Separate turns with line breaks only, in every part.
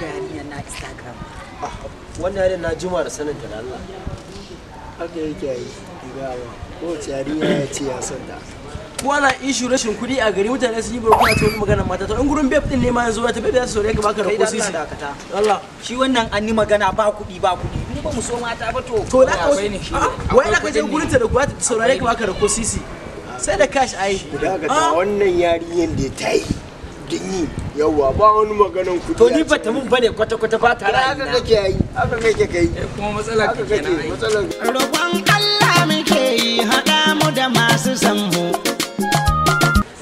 ga na Instagram. Ah, wannan na da sanin ta da Allah. Haka yake yi, ya ce ya san ta. ishu rashin kuɗi a gari mutane sun yi barkuna ta wani magana mata to in gurin beb din ne ma yanzu ta beb ya sore ka baka rako sisi. Allah. Shi wannan an yi magana ba kuɗi ba kuɗi. Mu ba mu so mata ba to. To da ka ah, wai da ka je gurin ta da kuwa ta saurare ka baka rako sisi. Sai da cash ai. Ah? wannan yarinyar da ta yi. din yawa ba wani maganan kuɗi to ni ba ta mun bane kwata kwata ba tare haka kake yi haka kake kai eh, kuma matsala kake yi matsalar roƙon Allah muke yi hada mu da masu san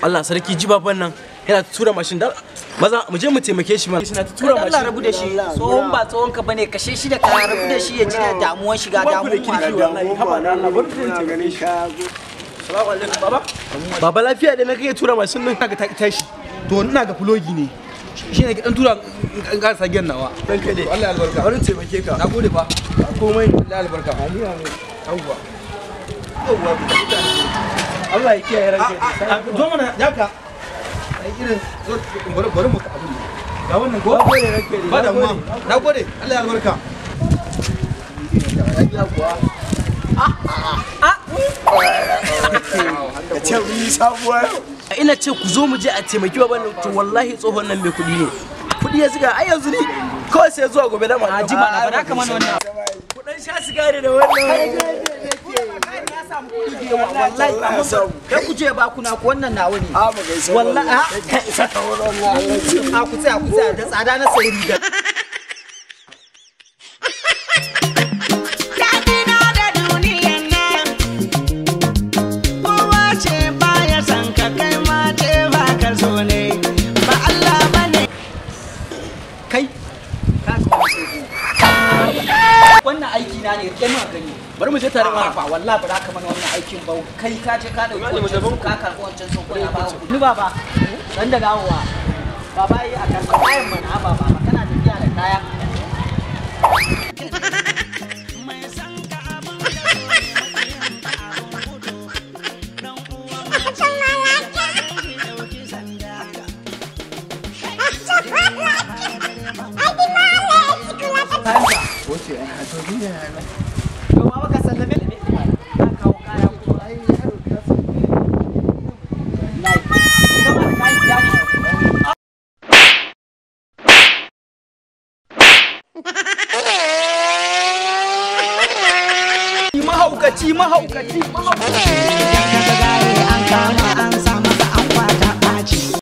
Allah sarki ji baban nan yana tura mashin da maza mu je mu taimake shi ma na tura mashin Allah rabu da shi tsohon ba tsohon ka bane kashe shi da ka rabu da shi ya ji damuwar shiga damuwar kirki wallahi haba da Allah bar ku gane shi Baba lafiya da na kake tura mashin nan ka ta tashi to ina ga fulogi ne shi ne dan tura in ka sa gyan nawa dan kai dai Allah albarka bari taimake ka na gode fa komai Allah albarka Allah ya kiyaye ranka zo mana jaka ai irin zo bari bari mu ka abin ga wannan ba da mu na gode Allah albarka ah ah ah ah ah ah ah ah ah ah ah ka ina ce ku zo mu je a taimaki baban to wallahi tsohon nan mai kuɗi ne kuɗi ya siga ai yanzu ni kawai sai zuwa gobe da ma a ji ba kamar wannan kuɗin sha sigari da wannan kai ku je ba kuna ku wannan nawa ne wallahi a ku tsaya ku tsaya da tsada na sayi riga wannan aiki na ne kai mun gani bari mu je tare ma ba wallahi ba za ka mana wannan aikin ba kai ka je ka dauki wancan ka karbi wancan sun ba ni baba dan da dawowa baba yi a kan kayan mana ba baba kana tafiya da kaya Thank you. mahaukaci mahaukaci mahaukaci an kama an